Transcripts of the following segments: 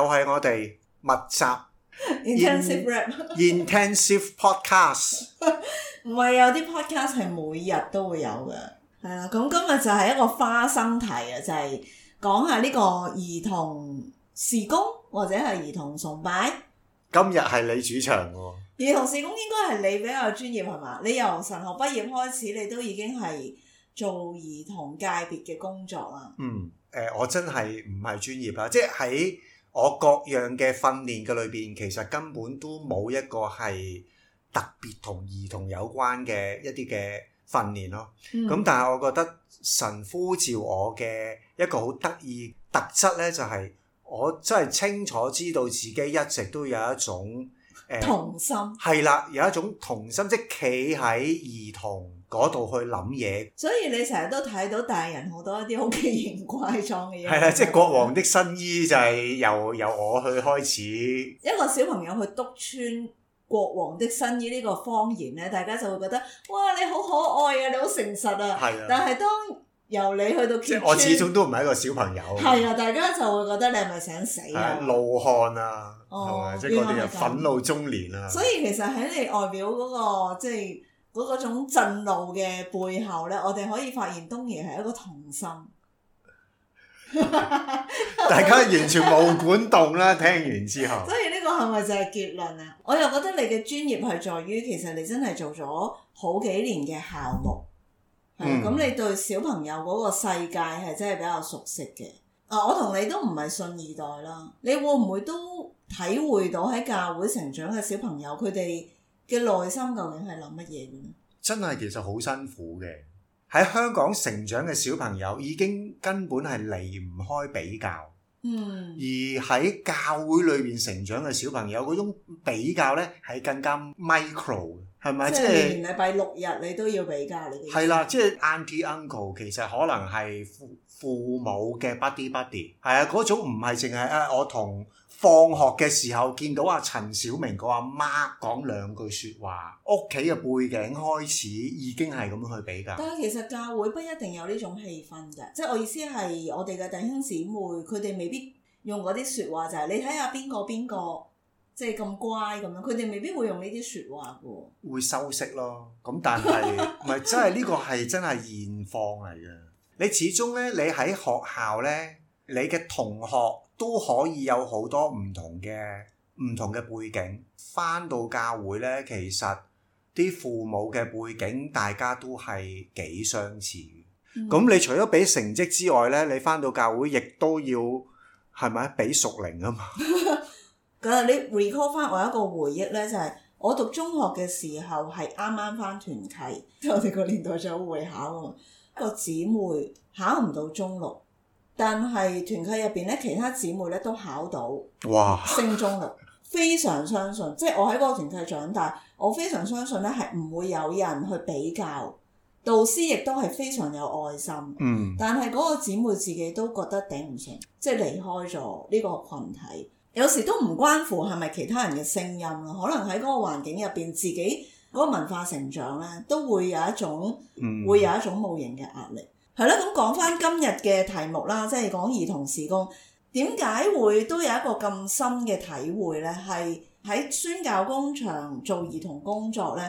又係我哋密集 intensive podcast，唔係有啲 podcast 係每日都會有嘅，係啦。咁、嗯、今日就係一個花生題啊，就係、是、講下呢個兒童事工或者係兒童崇拜。今日係你主場喎。兒童事工應該係你比較專業係嘛？你由神學畢業開始，你都已經係做兒童界別嘅工作啦。嗯、誒、呃，我真係唔係專業啦，即係喺。我各樣嘅訓練嘅裏邊，其實根本都冇一個係特別同兒童有關嘅一啲嘅訓練咯。咁、嗯、但係我覺得神呼召我嘅一個好得意特質咧，就係、是、我真係清楚知道自己一直都有一種誒童、呃、心，係啦，有一種童心即企喺兒童。嗰度去諗嘢，所以你成日都睇到大人好多一啲好奇形怪狀嘅嘢。係啦的，即係《國王的新衣》就係由由我去開始。一個小朋友去篤穿《國王的新衣》呢個謊言咧，大家就會覺得哇，你好可愛啊，你好誠實啊。係啊的。但係當由你去到揭穿，即係我始終都唔係一個小朋友。係啊，大家就會覺得你係咪想死啊？露汗啊，係、哦哦、即係嗰啲人憤怒中年啊。嗯、所以其實喺你外表嗰、那個即係。就是嗰嗰種震怒嘅背後咧，我哋可以發現東兒係一個童心， 大家完全冇管動啦。聽完之後， 所以呢個係咪就係結論啊？我又覺得你嘅專業係在於，其實你真係做咗好幾年嘅校目，咁、嗯、你對小朋友嗰個世界係真係比較熟悉嘅。啊，我同你都唔係信二代啦，你會唔會都體會到喺教會成長嘅小朋友佢哋？嘅內心究竟係諗乜嘢嘅？真係其實好辛苦嘅。喺香港成長嘅小朋友已經根本係離唔開比較。嗯。而喺教會裏邊成長嘅小朋友嗰種比較呢，係更加 micro 嘅，係咪？即係連禮拜六日你都要比較你啲。係啦，即係 Auntie Uncle 其實可能係父父母嘅 buddy buddy。係啊，嗰種唔係淨係啊，我同。放學嘅時候見到阿陳小明個阿媽講兩句説話，屋企嘅背景開始已經係咁樣去比較㗎。但係其實教會不一定有呢種氣氛嘅，即係我意思係我哋嘅弟兄姊妹，佢哋未必用嗰啲説話就係、是、你睇下邊個邊個即係咁乖咁樣，佢哋未必會用呢啲説話嘅。會修飾咯，咁但係唔係真係呢、這個係真係現況嚟嘅。你始終咧，你喺學校咧。你嘅同學都可以有好多唔同嘅唔同嘅背景，返到教會咧，其實啲父母嘅背景大家都係幾相似。咁、嗯、你除咗俾成績之外咧，你返到教會亦都要係咪俾屬靈啊嘛？咁 你 recall 翻我一個回憶咧，就係、是、我讀中學嘅時候係啱啱返團契，即係我哋個年代仲會考啊嘛。一個姊妹考唔到中六。但係團契入邊咧，其他姊妹咧都考到，升中啦。非常相信，即係我喺嗰個團契長大，我非常相信咧係唔會有人去比較。導師亦都係非常有愛心。嗯。但係嗰個姊妹自己都覺得頂唔順，即係離開咗呢個群體，有時都唔關乎係咪其他人嘅聲音咯。可能喺嗰個環境入邊，自己嗰個文化成長咧，都會有一種，嗯、會有一種無形嘅壓力。係啦，咁、嗯、講翻今日嘅題目啦，即係講兒童事工，點解會都有一個咁深嘅體會咧？係喺宣教工場做兒童工作咧，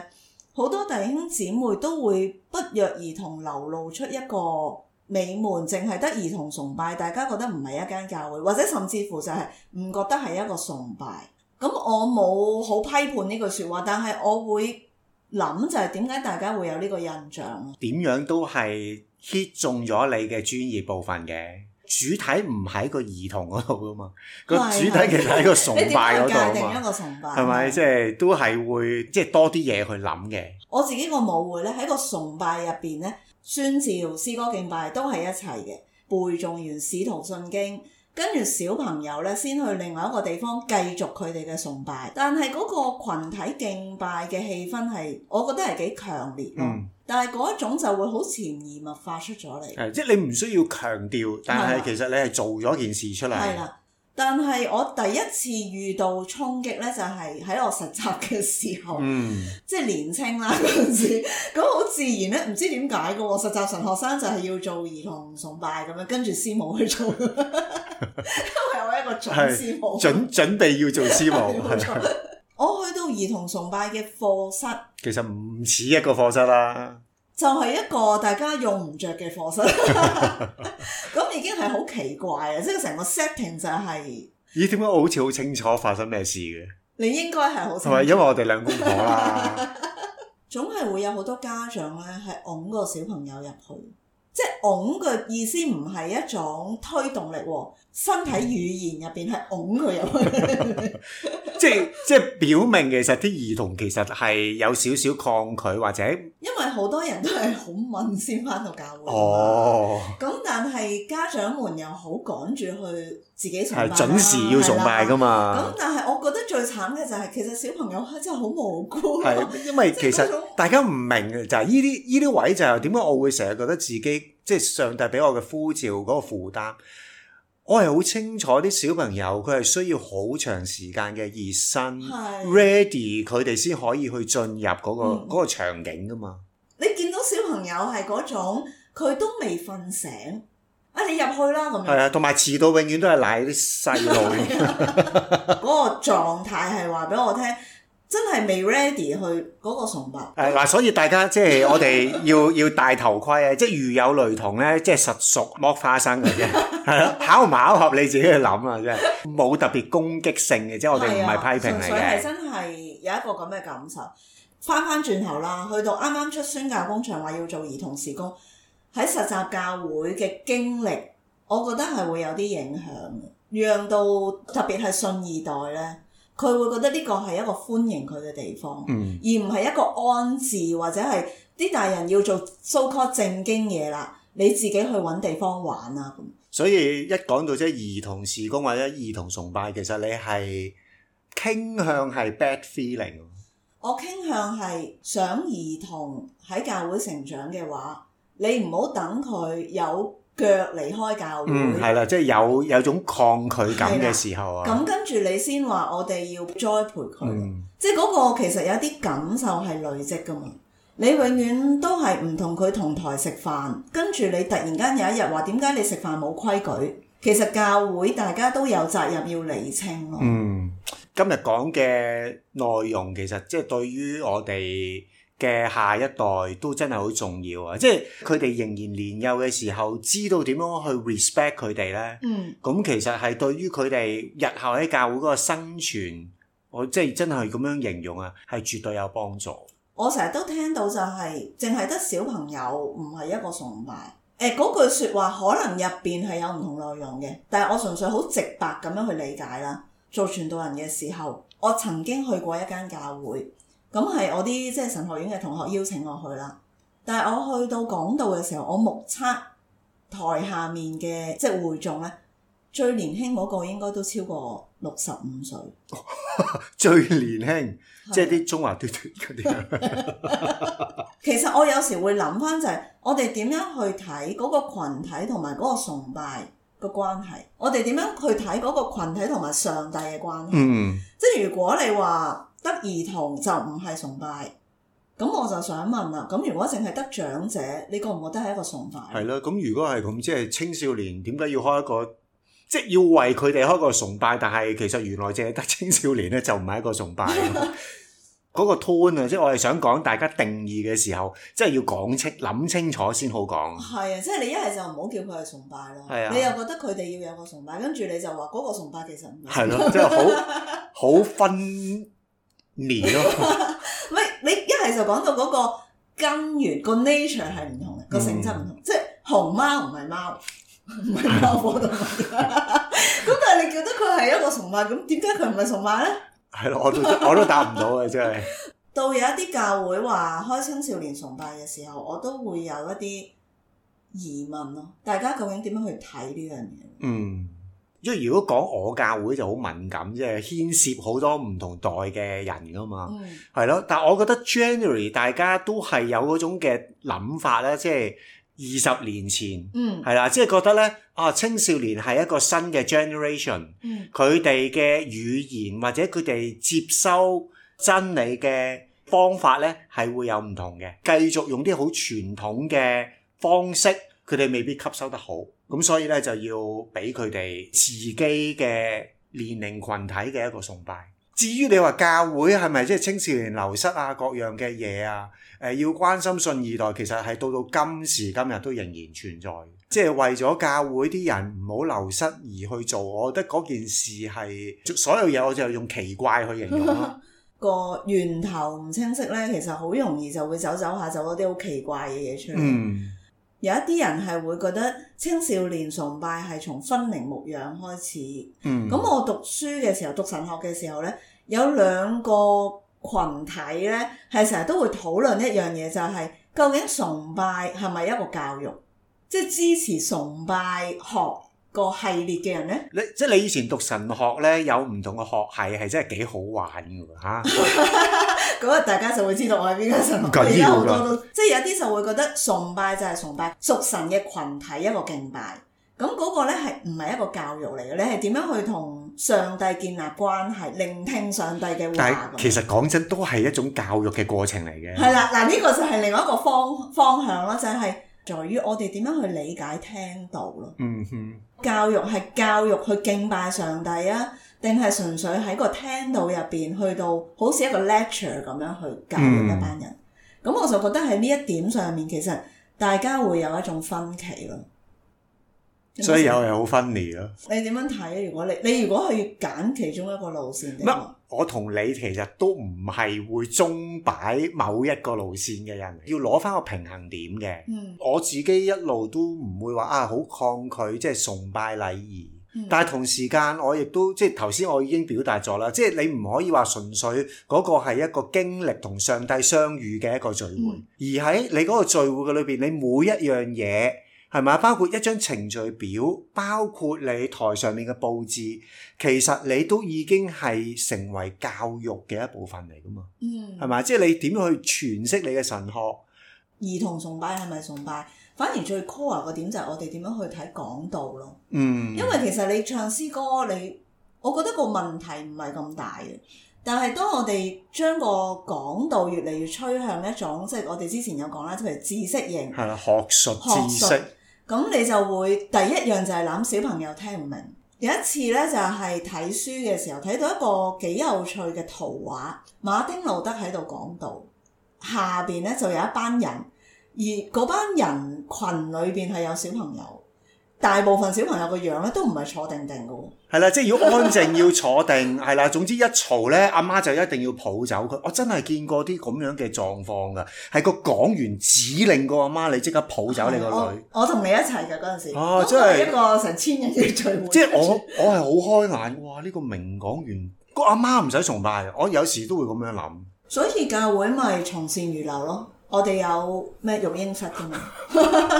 好多弟兄姊妹都會不約而同流露出一個美滿，淨係得兒童崇拜，大家覺得唔係一間教會，或者甚至乎就係唔覺得係一個崇拜。咁我冇好批判呢句説話，但係我會諗就係點解大家會有呢個印象啊？點樣都係。hit 中咗你嘅專業部分嘅，主體唔喺個兒童嗰度啊嘛的，個主體其實喺個崇拜嗰度崇拜。係咪即係都係會即係、就是、多啲嘢去諗嘅？我自己個舞會咧喺個崇拜入邊咧，宣召、詩歌敬拜都係一齊嘅，背誦完使徒信經。跟住小朋友咧，先去另外一個地方繼續佢哋嘅崇拜，但係嗰個羣體敬拜嘅氣氛係，我覺得係幾強烈咯。嗯、但係嗰一種就會好潛移默化出咗嚟。係，即係你唔需要強調，但係其實你係做咗件事出嚟。係啦。但係我第一次遇到衝擊呢，就係、是、喺我實習嘅時候，嗯、即係年青啦嗰陣時，咁好自然呢，唔知點解嘅喎。實習神學生就係要做兒童崇拜咁樣，跟住師母去做， 因為我一個準師母， 準準備要做師母。 我去到兒童崇拜嘅課室，其實唔似一個課室啦、啊。就係一個大家用唔着嘅課室，咁已經係好奇怪啊！即係成個 setting 就係咦？點解我好似好清楚發生咩事嘅？你應該係好清楚，係因為我哋兩公婆啦，總係會有好多家長咧係擁個小朋友入去，即係擁嘅意思唔係一種推動力，哦。身體語言入邊係拱佢入去， 即係即係表明，其實啲兒童其實係有少少抗拒或者。因為好多人都係好晚先返到教會，哦，咁但係家長們又好趕住去自己崇拜，啊，準時要崇拜噶嘛。咁的但係我覺得最慘嘅就係其實小朋友真係好無辜，係因為其實大家唔明嘅就係呢啲呢啲位就係點解我會成日覺得自己即係上帝俾我嘅呼召嗰個負擔。我係好清楚啲小朋友，佢係需要好長時間嘅熱身、啊、，ready 佢哋先可以去進入嗰、嗰個嗰、嗯、場景噶嘛。你見到小朋友係嗰種，佢都未瞓醒啊！你入去啦咁樣。係啊，同埋遲到永遠都係賴啲細路嗰個狀態，係話俾我聽。真係未 ready 去嗰個崇拜。誒嗱、啊，所以大家即係我哋要要戴頭盔啊！ 即係如有雷同咧，即係實屬剝花生嘅啫，係咯，合唔合你自己去諗啊！真係冇特別攻擊性嘅，即係、啊、我哋唔係批評嚟嘅。純粹係真係有一個咁嘅感受。翻翻轉頭啦，去到啱啱出宣教工場話要做兒童事工，喺實習教會嘅經歷，我覺得係會有啲影響，讓到特別係信二代咧。佢會覺得呢個係一個歡迎佢嘅地方，嗯、而唔係一個安置或者係啲大人要做 so called 正經嘢啦。你自己去揾地方玩啊！所以一講到即係兒童事工或者兒童崇拜，其實你係傾向係 bad feeling。我傾向係想兒童喺教會成長嘅話，你唔好等佢有腳離開教會，嗯，係啦，即係有有種抗拒感嘅時候啊。咁跟住你先話，我哋要栽培佢，嗯、即係嗰個其實有啲感受係累積噶嘛。你永遠都係唔同佢同台食飯，跟住你突然間有一日話點解你食飯冇規矩，其實教會大家都有責任要理清咯。嗯，今日講嘅內容其實即係對於我哋。嘅下一代都真係好重要啊！即係佢哋仍然年幼嘅時候，知道點樣去 respect 佢哋咧。嗯，咁其實係對於佢哋日後喺教會嗰個生存，我即係真係咁樣形容啊，係絕對有幫助。我成日都聽到就係淨係得小朋友唔係一個崇拜。誒、欸，嗰句說話可能入邊係有唔同內容嘅，但係我純粹好直白咁樣去理解啦。做傳道人嘅時候，我曾經去過一間教會。咁係我啲即係神學院嘅同學邀請我去啦，但係我去到港度嘅時候，我目測台下面嘅即係會眾咧，最年輕嗰個應該都超過六十五歲。 最年輕， 即係啲中華短腿啲。 其實我有時會諗翻就係、是，我哋點樣去睇嗰個羣體同埋嗰個崇拜嘅關係？我哋點樣去睇嗰個羣體同埋上帝嘅關係？嗯、即係如果你話得兒童就唔係崇拜，咁我就想問啦。咁如果淨係得長者，你覺唔覺得係一個崇拜？係啦，咁如果係咁，即係青少年點解要開一個，即係要為佢哋開個崇拜？但係其實原來淨係得青少年咧，就唔係一個崇拜。嗰個 tone 啊！即係我哋想講，大家定義嘅時候，即係要講清諗清楚先好講。係啊，即係你一係就唔好叫佢係崇拜咯。係啊，你又覺得佢哋要有個崇拜，跟住你就話嗰個崇拜其實唔係。係咯，即係好好分。 年咯，喂， 你一係就講到嗰個根源個 nature 係唔同嘅，個性質唔同，嗯、即係熊貓唔係貓，唔係貓我都咁，但係你覺得佢係一個崇拜，咁點解佢唔係崇拜咧？係咯，我都我都答唔到啊，真係。 到有一啲教會話開青少年崇拜嘅時候，我都會有一啲疑問咯。大家究竟點樣去睇呢樣嘢？嗯。因為如果講我教會就好敏感，即係牽涉好多唔同代嘅人㗎嘛，係咯、mm.。但係我覺得 generally 大家都係有嗰種嘅諗法咧，即係二十年前係啦，即係、mm. 就是、覺得咧啊，青少年係一個新嘅 generation，佢哋嘅語言或者佢哋接收真理嘅方法咧係會有唔同嘅。繼續用啲好傳統嘅方式，佢哋未必吸收得好。咁所以咧就要俾佢哋自己嘅年齡群體嘅一個崇拜。至於你話教會係咪即係青少年流失啊，各樣嘅嘢啊，誒、呃、要關心信二代，其實係到到今時今日都仍然存在。即係為咗教會啲人唔好流失而去做，我覺得嗰件事係所有嘢，我就用奇怪去形容啦。 個源頭唔清晰咧，其實好容易就會走走下走嗰啲好奇怪嘅嘢出嚟。嗯。有一啲人係會覺得青少年崇拜係從分齡牧養開始。咁、嗯、我讀書嘅時候讀神學嘅時候咧，有兩個群體咧係成日都會討論一樣嘢，就係、是、究竟崇拜係咪一個教育？即係支持崇拜學個系列嘅人咧。你即係你以前讀神學咧，有唔同嘅學系係真係幾好玩㗎吓。 咁大家就會知道我係邊個神。我而家好多都，即係有啲就會覺得崇拜就係崇拜，屬神嘅群體一個敬拜。咁、那、嗰個咧係唔係一個教育嚟嘅？你係點樣去同上帝建立關係、聆聽上帝嘅話？其實講真都係一種教育嘅過程嚟嘅。係啦，嗱呢個就係另外一個方方向啦，就係、是、在於我哋點樣去理解聽、聽道咯。嗯哼，教育係教育去敬拜上帝啊！定係純粹喺個聽道入邊，去到好似一個 lecture 咁樣去教一班人。咁、嗯、我就覺得喺呢一點上面，其實大家會有一種分歧咯。樣所以有係好分離咯。你點樣睇咧？如果你你如果去揀其中一個路線，乜我同你其實都唔係會鐘擺某一個路線嘅人，要攞返個平衡點嘅。嗯，我自己一路都唔會話啊，好抗拒即係崇拜禮儀。嗯、但係同時間，我亦都即係頭先，我已經表達咗啦。即係你唔可以話純粹嗰個係一個經歷同上帝相遇嘅一個聚會，嗯、而喺你嗰個聚會嘅裏邊，你每一樣嘢係咪，包括一張程序表，包括你台上面嘅佈置，其實你都已經係成為教育嘅一部分嚟噶嘛。係咪、嗯？即係你點去詮釋你嘅神學？兒童崇拜係咪崇拜？反而最 core 個點就係我哋點樣去睇講道咯。嗯，因為其實你唱詩歌，你我覺得個問題唔係咁大嘅。但係當我哋將個講道越嚟越趨向一種，即係我哋之前有講啦，即係知識型。係啦，學術，學術知識。咁你就會第一樣就係諗小朋友聽唔明。有一次咧，就係睇書嘅時候，睇到一個幾有趣嘅圖畫，馬丁路德喺度講道，下邊咧就有一班人。而嗰班人群裏邊係有小朋友，大部分小朋友個樣咧都唔係坐定定嘅喎。係啦，即係如果安靜， 要坐定，係啦。總之一嘈咧，阿媽就一定要抱走佢。我真係見過啲咁樣嘅狀況噶，係個講員指令個阿媽，你即刻抱走你個女。我同你一齊嘅嗰陣時，咁係、啊即係、一個成千人嘅聚會。 即係我，我係好開眼。哇！呢、這個名講員個阿媽唔使崇拜，我有時都會咁樣諗。所以教會咪從善如流咯。我哋有咩育嬰室嘅嘛？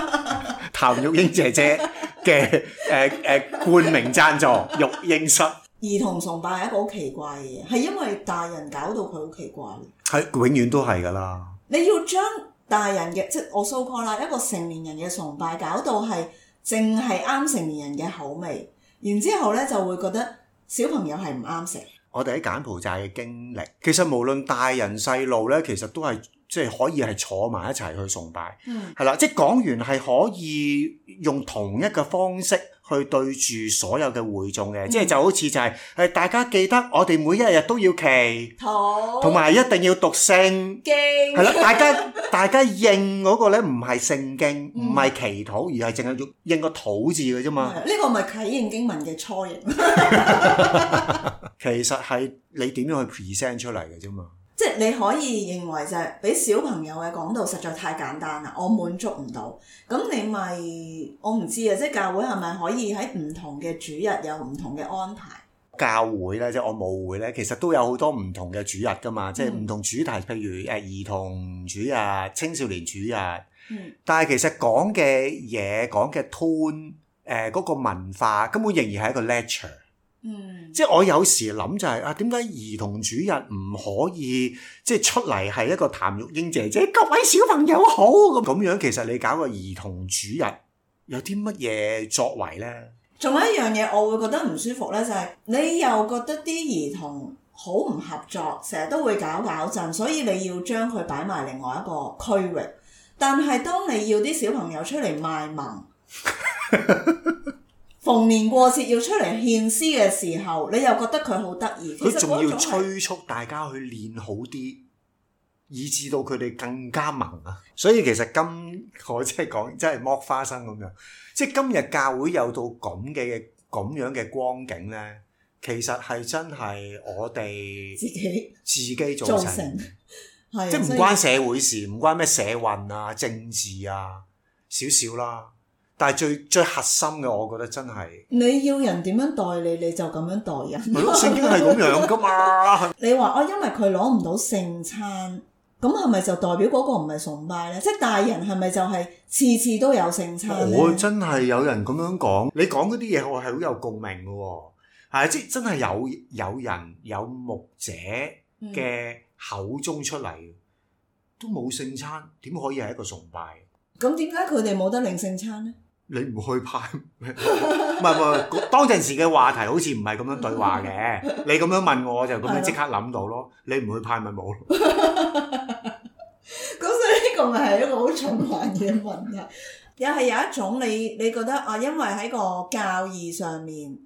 譚玉英姐姐嘅誒誒冠名贊助育嬰室。兒童崇拜係一個好奇怪嘅，係因為大人搞到佢好奇怪。係永遠都係噶啦。你要將大人嘅即係我 so call 啦，一個成年人嘅崇拜搞到係淨係啱成年人嘅口味，然之後咧就會覺得小朋友係唔啱食。我哋喺柬埔寨嘅經歷，其實無論大人細路咧，其實都係。即係可以係坐埋一齊去崇拜，係啦、嗯，即係講完係可以用同一個方式去對住所有嘅會眾嘅，嗯、即係就好似就係、是、誒大家記得我哋每一日都要祈禱，同埋土一定要讀聖經，係啦，大家 大家應嗰個咧唔係聖經，唔係祈禱，而係淨係用應個土字嘅啫嘛。呢、嗯這個咪啟應經文嘅初型， 其實係你點樣去 present 出嚟嘅啫嘛。即係你可以認為就係俾小朋友嘅講道實在太簡單啦，我滿足唔到。咁你咪我唔知啊！即係教會係咪可以喺唔同嘅主日有唔同嘅安排？教會咧，即係我冇會咧，其實都有好多唔同嘅主日噶嘛，嗯、即係唔同主題，譬如誒兒童主日、青少年主日。嗯、但係其實講嘅嘢、講嘅 tone，誒嗰個文化根本仍然係一個 lecture。嗯，即係我有時諗就係、是、啊，點解兒童主日唔可以即係出嚟係一個譚玉瑛姐姐？各位小朋友好，咁咁樣，其實你搞個兒童主日有啲乜嘢作為呢？仲有一樣嘢我會覺得唔舒服呢，就係、是、你又覺得啲兒童好唔合作，成日都會搞搞震，所以你要將佢擺埋另外一個區域。但係當你要啲小朋友出嚟賣萌。 逢年過節要出嚟獻詩嘅時候，你又覺得佢好得意。佢仲要催促大家去練好啲，以致到佢哋更加忙啊！所以其實今我即係講真係剝花生咁樣，即係今日教會有到咁嘅咁樣嘅光景咧，其實係真係我哋自己自己造成， 的即係唔關社會事，唔關咩社運啊、政治啊少少啦。但係最最核心嘅，我覺得真係你要人點樣待你，你就咁樣待人。聖經係咁樣噶嘛？你話哦，因為佢攞唔到聖餐，咁係咪就代表嗰個唔係崇拜咧？即係大人係咪就係次次都有聖餐咧？我真係有人咁樣講，你講嗰啲嘢，我係好有共鳴嘅喎、哦。係即係真係有有人有牧者嘅口中出嚟，嗯、都冇聖餐，點可以係一個崇拜？咁點解佢哋冇得領聖餐咧？你唔去派，唔係唔係，當陣時嘅話題好似唔係咁樣對話嘅。你咁樣問我，就咁樣即刻諗到咯。你唔去派咪冇咯。咁所以呢個咪係一個好困難嘅問題，又係有一種你你覺得啊，因為喺個教義上面，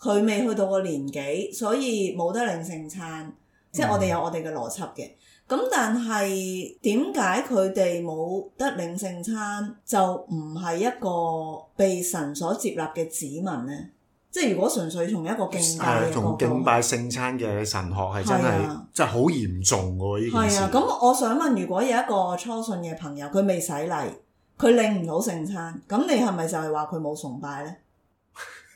佢未去到個年紀，所以冇得領聖餐，即係我哋有我哋嘅邏輯嘅。咁但係點解佢哋冇得領聖餐就唔係一個被神所接納嘅子民呢？即係如果純粹從一個敬拜嘅、啊、敬拜聖餐嘅神學係真係即係好嚴重嘅呢件事。咁、啊嗯、我想問，如果有一個初信嘅朋友，佢未洗禮，佢領唔到聖餐，咁你係咪就係話佢冇崇拜呢？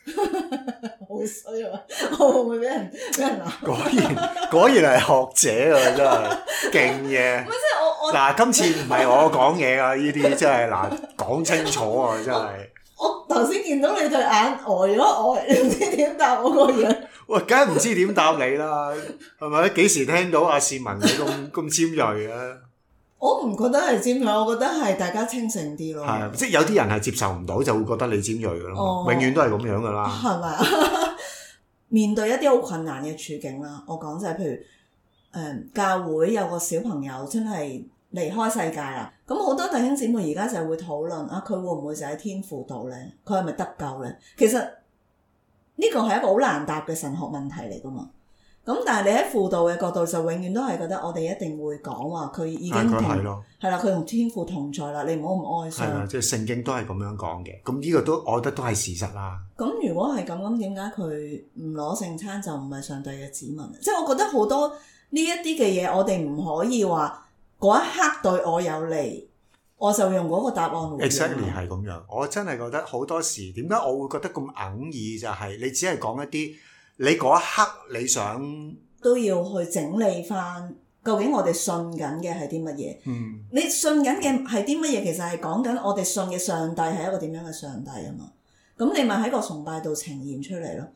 好衰啊、哦！我會唔會俾人鬧。果然果然係學者啊，真係勁嘢！嗱，今次唔係我講嘢啊，呢啲真係嗱，講清楚啊，真係。 我頭先見到你對眼呆咗，呆你唔知點答我個樣。 喂，梗係唔知點答你啦，係咪？幾時聽到阿市民你咁咁尖銳啊？我唔覺得係尖銳，我覺得係大家清醒啲咯。係，即係有啲人係接受唔到，就會覺得你尖鋭嘅咯。哦、永遠都係咁樣嘅啦。係咪啊？ 面對一啲好困難嘅處境啦，我講就係、是、譬如誒、嗯、教會有個小朋友真係離開世界啦。咁好多弟兄姊妹而家就會討論啊，佢會唔會就喺天父度咧？佢係咪得救咧？其實呢個係一個好難答嘅神學問題嚟㗎嘛。咁但係你喺輔導嘅角度就永遠都係覺得我哋一定會講話佢已經係啦，佢同天父同在啦，你唔好咁哀傷。係啊，即係聖經都係咁樣講嘅。咁呢個都我覺得都係事實啦。咁如果係咁，咁點解佢唔攞聖餐就唔係上帝嘅子民？即係我覺得好多呢一啲嘅嘢，我哋唔可以話嗰一刻對我有利，我就用嗰個答案，答案。Exactly 係咁樣，我真係覺得好多時點解我會覺得咁硬意就係、是、你只係講一啲。你嗰一刻你想都要去整理翻，究竟我哋信緊嘅係啲乜嘢？嗯，你信緊嘅係啲乜嘢？其實係講緊我哋信嘅上帝係一個點樣嘅上帝啊嘛？咁你咪喺個崇拜度呈現出嚟咯。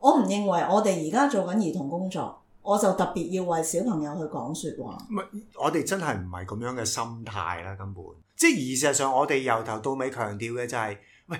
我唔認為我哋而家做緊兒童工作，我就特別要為小朋友去講說話。唔係、嗯，我哋真係唔係咁樣嘅心態啦，根本。即係而事實上，我哋由頭到尾強調嘅就係、是，喂。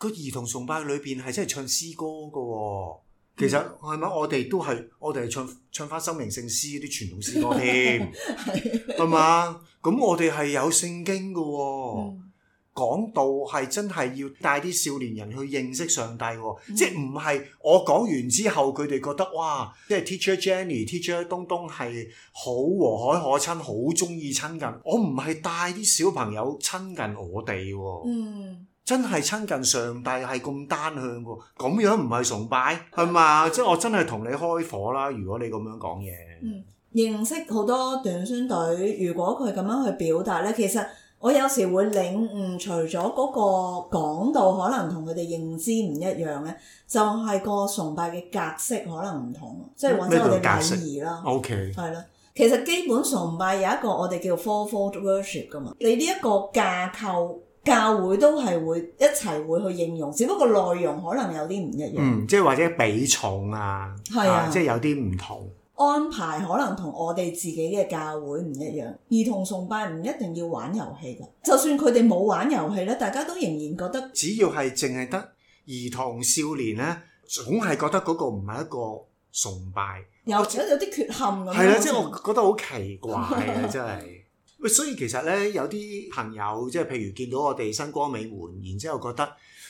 個兒童崇拜裏邊係真係唱詩歌嘅、哦，其實係咪、嗯？我哋都係，我哋係唱唱返《生命聖詩》啲傳統詩歌添，係係嘛？咁我哋係有聖經嘅、哦，嗯、講道係真係要帶啲少年人去認識上帝、哦，嗯、即係唔係我講完之後佢哋覺得哇，即係 Teacher Jenny、Teacher 東東係好和藹可親，好中意親近。我唔係帶啲小朋友親近我哋、哦，嗯。真係親近上帝係咁單向喎，咁樣唔係崇拜係嘛？即係我真係同你開火啦！如果你咁樣講嘢、嗯，認識好多短宣隊，如果佢咁樣去表達咧，其實我有時會領悟，除咗嗰個講道可能同佢哋認知唔一樣咧，就係、是、個崇拜嘅格式可能唔同，即係或者我哋禮儀啦，係咯、okay。其實基本崇拜有一個我哋叫 fourfold worship 噶嘛，你呢一個架構。教會都係會一齊會去應用，只不過內容可能有啲唔一樣。嗯，即係或者比重啊，係啊，啊即係有啲唔同安排，可能同我哋自己嘅教會唔一樣。兒童崇拜唔一定要玩遊戲噶，就算佢哋冇玩遊戲咧，大家都仍然覺得。只要係淨係得兒童少年咧，總係覺得嗰個唔係一個崇拜，而有啲就缺陷咁。係啦，即係我覺得好奇怪啊，真係。 喂，所以其實咧，有啲朋友即係譬如見到我哋新光美門，然之後覺得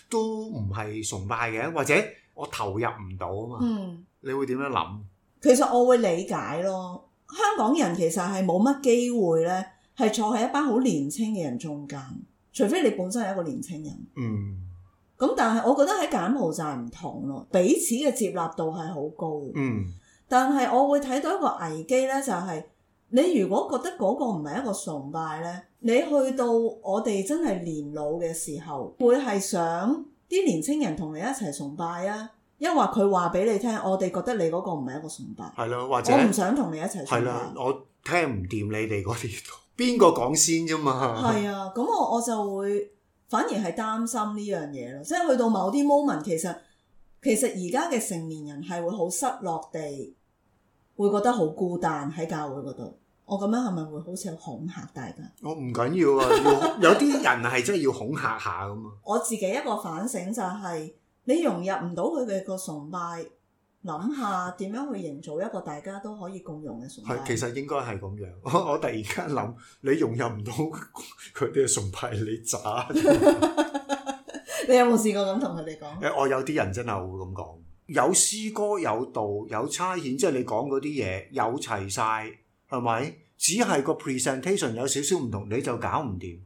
都唔係崇拜嘅，或者我投入唔到啊嘛。嗯，你會點樣諗？其實我會理解咯，香港人其實係冇乜機會咧，係坐喺一班好年青嘅人中間，除非你本身係一個年青人。嗯。咁但係我覺得喺柬埔寨唔同咯，彼此嘅接納度係好高。嗯。但係我會睇到一個危機咧，就係、是。你如果覺得嗰個唔係一個崇拜咧，你去到我哋真係年老嘅時候，會係想啲年青人同你一齊崇拜啊？抑或佢話俾你聽，我哋覺得你嗰個唔係一個崇拜，係咯，或者我唔想同你一齊崇拜。係啦，我聽唔掂你哋嗰啲，邊個講先啫嘛？係啊，咁我我就會反而係擔心呢樣嘢咯，即係去到某啲 moment，其實其實而家嘅成年人係會好失落地，會覺得好孤單喺教會嗰度。我咁樣係咪會好似恐嚇大家？我唔緊要啊，要有啲人係真係要恐嚇下噶嘛。 我自己一個反省就係、是、你融入唔到佢哋個崇拜，諗下點樣去營造一個大家都可以共用嘅崇拜。其實應該係咁樣我。我突然間諗，你融入唔到佢哋嘅崇拜你渣。你有冇試過咁同佢哋講？誒，我有啲人真係會咁講。有詩歌，有道，有差遣，即係你講嗰啲嘢，有齊晒。係咪？只係個 presentation 有少少唔同，你就搞唔掂，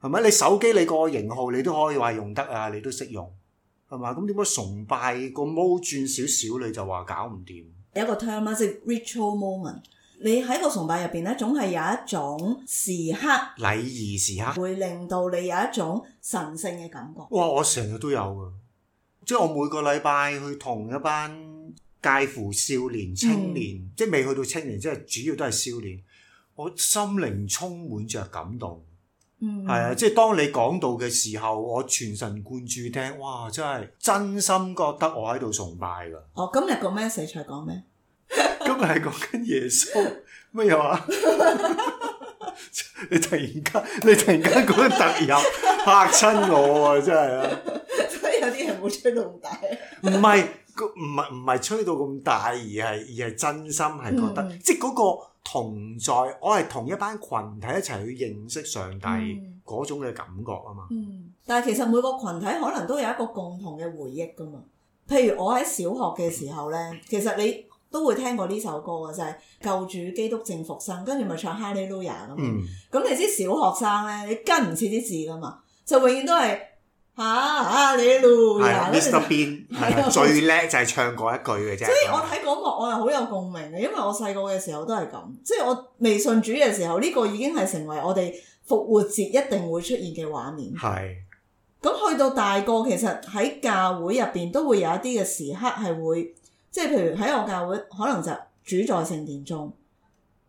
係咪？你手機你個型號你都可以話用得啊，你都識用，係嘛？咁點解崇拜個 mode 轉少少你就話搞唔掂？有一個 term 啦，即 ritual moment。你喺個崇拜入邊咧，總係有一種時刻禮儀時刻，會令到你有一種神聖嘅感覺。哇！我成日都有㗎，即係我每個禮拜去同一班。介乎少年青年，嗯、即係未去到青年，即係主要都係少年。我心靈充滿着感動，係、嗯、啊！即係當你講到嘅時候，我全神貫注聽，哇！真係真心覺得我喺度崇拜噶。哦，今日講咩？寫出嚟講咩？今日係講緊耶穌咩？話 你突然間，你突然間講特有，嚇親我啊！真係啊！所以有啲人冇吹到咁大，唔 係。唔係唔係吹到咁大，而係而係真心係覺得，嗯、即係嗰個同在。我係同一班群，群體一齊去認識上帝嗰、嗯、種嘅感覺啊嘛。嗯，但係其實每個群體可能都有一個共同嘅回憶噶嘛。譬如我喺小學嘅時候咧，嗯、其實你都會聽過呢首歌嘅，就係、是、救主基督正復生，跟住咪唱哈利路 l e l u j 咁。咁、嗯嗯、你知小學生咧，你跟唔切啲字噶嘛，就永遠都係。吓，啊、ah！哈利路亞！Mr. Bean 係最叻就係唱嗰一句嘅啫。所以我睇嗰幕我又好有共鳴嘅，因為我細個嘅時候都係咁。即係我微信主嘅時候，呢個已經係成為我哋復活節一定會出現嘅畫面。係的。咁去到大個，其實喺教會入邊都會有一啲嘅時刻係會，即係譬如喺我教會可能就主在聖殿中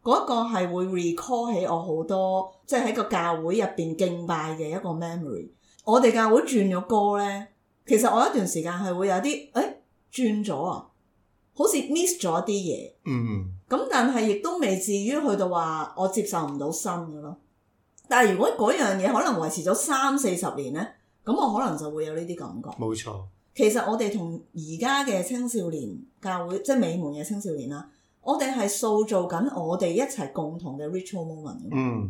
嗰個係會 recall 起我好多，即係喺個教會入邊敬拜嘅一個 memory。我哋教會轉咗歌咧，其實我一段時間係會有啲，誒轉咗啊，好似 miss 咗啲嘢。嗯、mm。咁、hmm. 但係亦都未至於去到話我接受唔到新嘅咯。但係如果嗰樣嘢可能維持咗三四十年咧，咁我可能就會有呢啲感覺。冇錯。其實我哋同而家嘅青少年教會，即係美門嘅青少年啦，我哋係塑造緊我哋一齊共同嘅 ritual moment。嗯、mm。Hmm.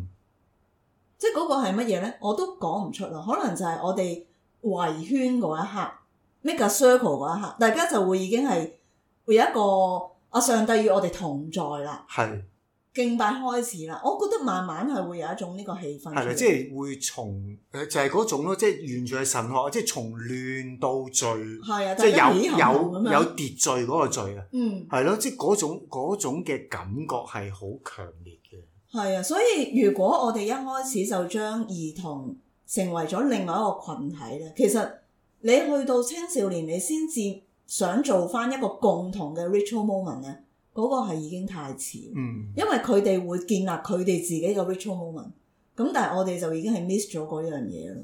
即係嗰個係乜嘢咧？我都講唔出啦。可能就係我哋圍圈嗰一刻，make a circle 嗰一刻，大家就會已經係會有一個啊上帝與我哋同在啦。係的敬拜開始啦，我覺得慢慢係會有一種呢個氣氛。係啦，即係會從誒就係、是、嗰種咯，即係完全係神學，即係從亂到序，的即係有、呃、有有秩序嗰個序啊。嗯，係咯，即係嗰種嗰種嘅感覺係好強烈嘅。係啊，所以如果我哋一開始就將兒童成為咗另外一個群體咧，其實你去到青少年，你先至想做翻一個共同嘅 ritual moment 咧，嗰個係已經太遲。嗯，因為佢哋會建立佢哋自己嘅 ritual moment。咁但係我哋就已經係 miss 咗嗰樣嘢咯。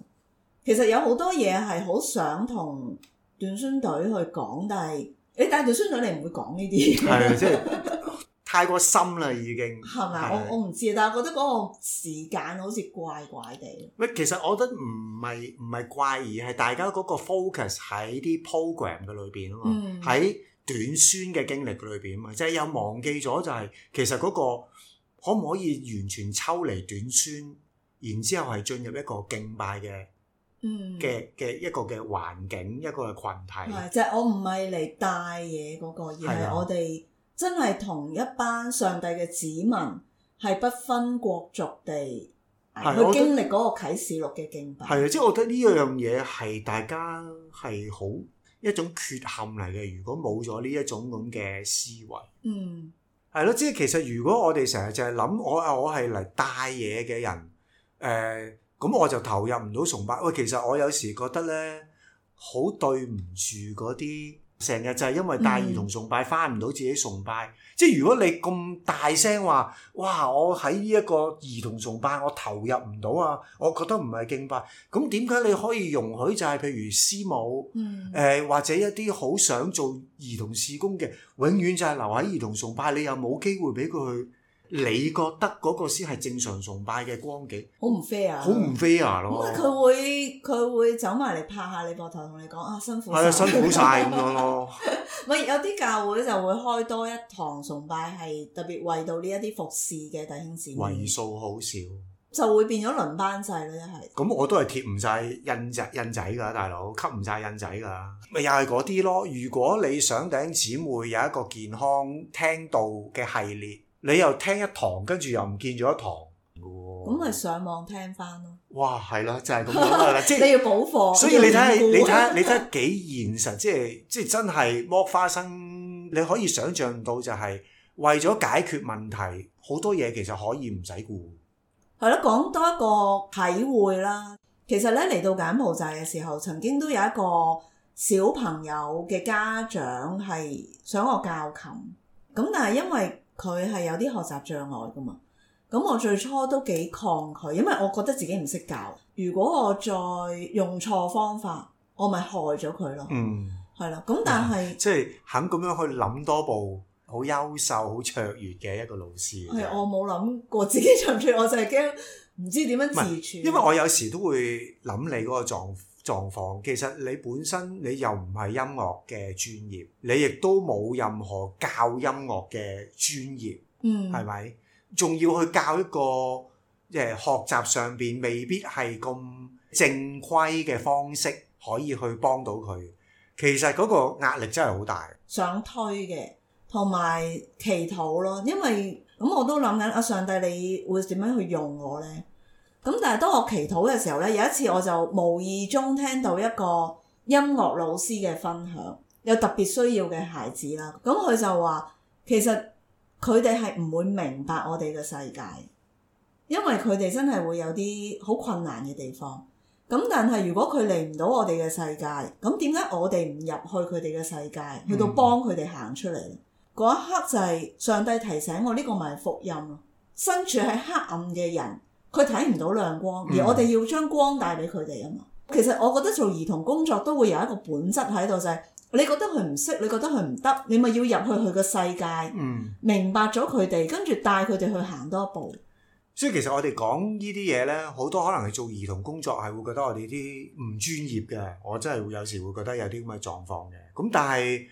其實有好多嘢係好想同短宣隊去講，但係你帶短宣隊你唔會講呢啲。係啊，即係。太過深啦，已經係咪啊？我我唔知啊，但係覺得嗰個時間好似怪怪地。喂，其實我覺得唔係唔係怪，而係大家嗰個 focus 喺啲 program 嘅裏邊啊嘛，喺短宣嘅經歷裏邊啊嘛，即係又忘記咗就係其實嗰個可唔可以完全抽離短宣，然之後係進入一個敬拜嘅，嗯嘅嘅一個嘅環境，一個嘅羣體。係，就係我唔係嚟帶嘢嗰個，而係我哋。真係同一班上帝嘅子民，係不分國族地去經歷嗰個啟示錄嘅敬拜。係啊，即係我覺得呢樣嘢係大家係好一種缺陷嚟嘅。如果冇咗呢一種咁嘅思維，嗯，係咯。即係其實如果我哋成日就係諗我我係嚟帶嘢嘅人，誒、呃，咁我就投入唔到崇拜。喂，其實我有時覺得咧，好對唔住嗰啲。成日就係因為帶兒童崇拜，返唔到自己崇拜，即係如果你咁大聲話，哇！我喺呢一個兒童崇拜，我投入唔到啊，我覺得唔係敬拜。咁點解你可以容許就係譬如師母，誒、呃、或者一啲好想做兒童事工嘅，永遠就係留喺兒童崇拜，你又冇機會俾佢去。你覺得嗰個先係正常崇拜嘅光景，好唔 fair，好唔 fair 咯。佢、啊、會佢會走埋嚟拍下你膊頭，同你講啊辛苦，辛苦晒！ 」咁樣咯。咪有啲教會就會開多一堂崇拜，係特別為到呢一啲服侍嘅弟兄姊妹。為數好少，就會變咗輪班制咯，一係。咁我都係貼唔晒印，印，印仔印仔噶，大佬吸唔晒印仔噶，咪又係嗰啲咯。如果你想弟兄姊妹有一個健康聽道嘅系列。你又聽一堂，跟住又唔見咗一堂嘅喎。咁咪上網聽翻咯。哇，係啦，就係咁啦，即係 你要補課。所以你睇下， 你睇下，你睇下幾現實，即係即係真係剝花生。你可以想象到就係為咗解決問題，好多嘢，其實可以唔使顧。係咯， 講多一個體會啦。其實咧，嚟到柬埔寨嘅時候，曾經都有一個小朋友嘅家長係想我教琴，咁但係因為。佢係有啲學習障礙噶嘛，咁我最初都幾抗拒，因為我覺得自己唔識教，如果我再用錯方法，我咪害咗佢咯。嗯，係啦，咁但係、嗯、即係肯咁樣去諗多部好優秀、好卓越嘅一個老師。係，我冇諗過自己欠缺，我就係驚唔知點樣自處。因為我有時都會諗你嗰個狀狀況其實你本身你又唔係音樂嘅專業，你亦都冇任何教音樂嘅專業，嗯，係咪仲要去教一個即係學習上面未必係咁正規嘅方式可以去幫到佢？其實嗰個壓力真係好大，想推嘅同埋祈禱咯，因為咁我都諗緊阿上帝，你會點樣去用我呢？咁但係當我祈禱嘅時候咧，有一次我就無意中聽到一個音樂老師嘅分享，有特別需要嘅孩子啦。咁佢就話：其實佢哋係唔會明白我哋嘅世界，因為佢哋真係會有啲好困難嘅地方。咁但係如果佢嚟唔到我哋嘅世界，咁點解我哋唔入去佢哋嘅世界，去到幫佢哋行出嚟？嗰、嗯、一刻就係上帝提醒我，呢、呢個咪係福音咯。身處喺黑暗嘅人。佢睇唔到亮光，而我哋要將光帶俾佢哋啊嘛。嗯、其實我覺得做兒童工作都會有一個本質喺度，就係、是、你覺得佢唔識，你覺得佢唔得，你咪要入去佢個世界，嗯、明白咗佢哋，跟住帶佢哋去行多一步。所以其實我哋講呢啲嘢呢，好多可能係做兒童工作係會覺得我哋啲唔專業嘅，我真係會有時會覺得有啲咁嘅狀況嘅。咁但係。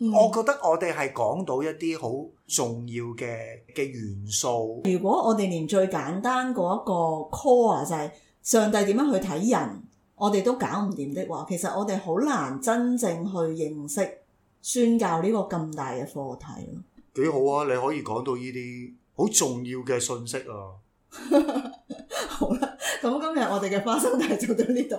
嗯、我覺得我哋係講到一啲好重要嘅嘅元素。如果我哋連最簡單嗰一個 call 就係上帝點樣去睇人，我哋都搞唔掂的話，其實我哋好難真正去認識宣教呢個咁大嘅課題咯。幾好啊！你可以講到呢啲好重要嘅信息啊！ 好啦、啊。咁今日我哋嘅花生題到 就到呢度，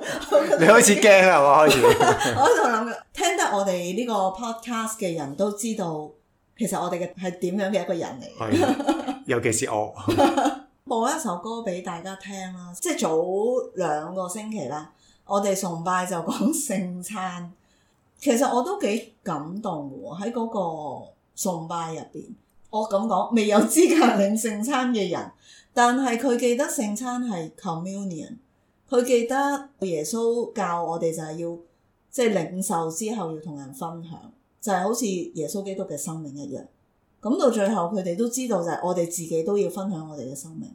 你開始驚係嘛？開始，我喺度諗，聽得我哋呢個 podcast 嘅人都知道，其實我哋嘅係點樣嘅一個人嚟嘅， 尤其是我 播一首歌俾大家聽啦，即係早兩個星期啦，我哋崇拜就講聖餐，其實我都幾感動喎。喺嗰個崇拜入邊，我咁講，未有資格領聖餐嘅人。但係佢記得聖餐係 communion，佢記得耶穌教我哋就係要即係、就是、領受之後要同人分享，就係、是、好似耶穌基督嘅生命一樣。咁到最後佢哋都知道就係我哋自己都要分享我哋嘅生命。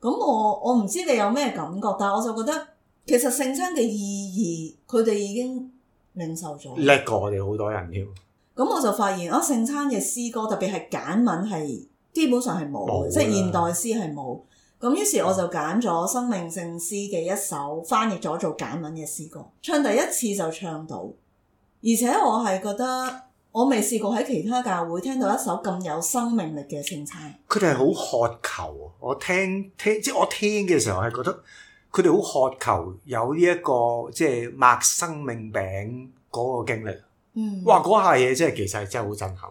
咁、嗯、我我唔知你有咩感覺，但係我就覺得其實聖餐嘅意義佢哋已經領受咗，叻過我哋好多人添。咁、嗯、我就發現啊，聖餐嘅詩歌特別係簡文係。基本上係冇，即係現代詩係冇。咁於是我就揀咗生命聖詩嘅一首，翻譯咗做簡文嘅詩歌，唱第一次就唱到。而且我係覺得，我未試過喺其他教會聽到一首咁有生命力嘅聖餐。佢哋係好渴求，啊，我聽聽，即係我聽嘅時候係覺得佢哋好渴求有呢、這、一個即係擘生命餅嗰個經歷。嗯，哇，嗰下嘢真係其實係真係好震撼。